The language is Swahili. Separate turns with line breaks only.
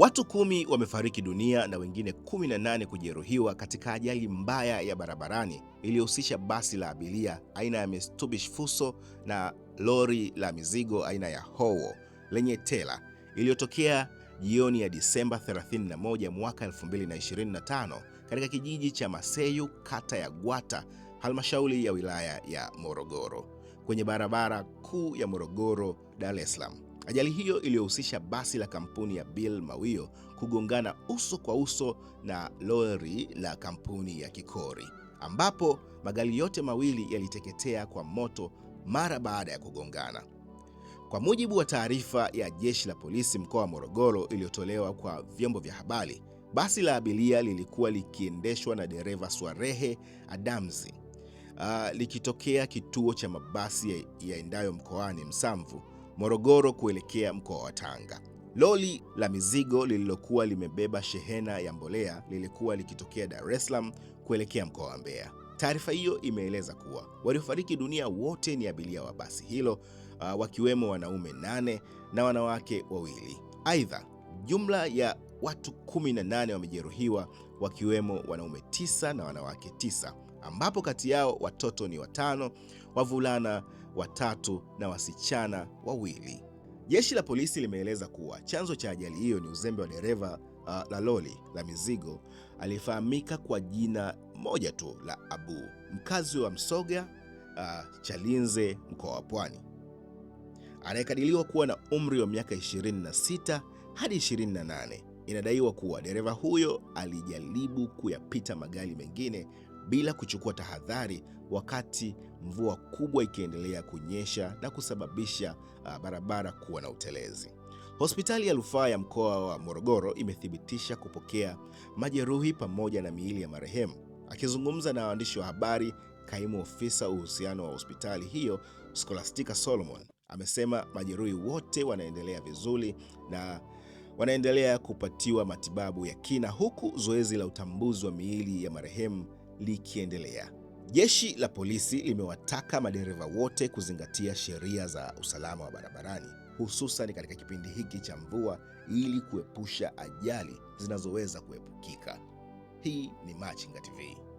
Watu kumi wamefariki dunia na wengine 18 kujeruhiwa katika ajali mbaya ya barabarani iliyohusisha basi la abiria aina ya Mitsubishi Fuso na lori la mizigo aina ya Howo lenye tela iliyotokea jioni ya Disemba 31 mwaka 2025 katika kijiji cha Maseyu, kata ya Gwata, halmashauri ya wilaya ya Morogoro, kwenye barabara kuu ya Morogoro Dar es Salaam. Ajali hiyo iliyohusisha basi la kampuni ya Bill Mawio kugongana uso kwa uso na lori la kampuni ya Kikori, ambapo magari yote mawili yaliteketea kwa moto mara baada ya kugongana. Kwa mujibu wa taarifa ya jeshi la polisi mkoa wa Morogoro iliyotolewa kwa vyombo vya habari, basi la abiria lilikuwa likiendeshwa na dereva Swarehe Adamzi, uh, ah, likitokea kituo cha mabasi yaendayo mkoani Msamvu Morogoro kuelekea mkoa wa Tanga. loli la mizigo lililokuwa limebeba shehena ya mbolea lilikuwa likitokea Dar es Salaam kuelekea mkoa wa Mbeya. Taarifa hiyo imeeleza kuwa waliofariki dunia wote ni abiria wa basi hilo, uh, wakiwemo wanaume nane na wanawake wawili. Aidha, jumla ya watu 18 wamejeruhiwa wakiwemo wanaume tisa na wanawake tisa ambapo kati yao watoto ni watano, wavulana watatu na wasichana wawili. Jeshi la polisi limeeleza kuwa chanzo cha ajali hiyo ni uzembe wa dereva uh, la lori la mizigo aliyefahamika kwa jina moja tu la Abu, mkazi wa Msoga uh, Chalinze, mkoa wa Pwani, anayekadiriwa kuwa na umri wa miaka 26 hadi 28. Inadaiwa kuwa dereva huyo alijaribu kuyapita magari mengine bila kuchukua tahadhari wakati mvua kubwa ikiendelea kunyesha na kusababisha ah, barabara kuwa na utelezi. Hospitali ya Rufaa ya Mkoa wa Morogoro imethibitisha kupokea majeruhi pamoja na miili ya marehemu. Akizungumza na waandishi wa habari, kaimu ofisa uhusiano wa hospitali hiyo Scholastica Solomon amesema majeruhi wote wanaendelea vizuri na wanaendelea kupatiwa matibabu ya kina huku zoezi la utambuzi wa miili ya marehemu likiendelea. Jeshi la polisi limewataka madereva wote kuzingatia sheria za usalama wa barabarani hususan katika kipindi hiki cha mvua ili kuepusha ajali zinazoweza kuepukika. Hii ni Machinga TV.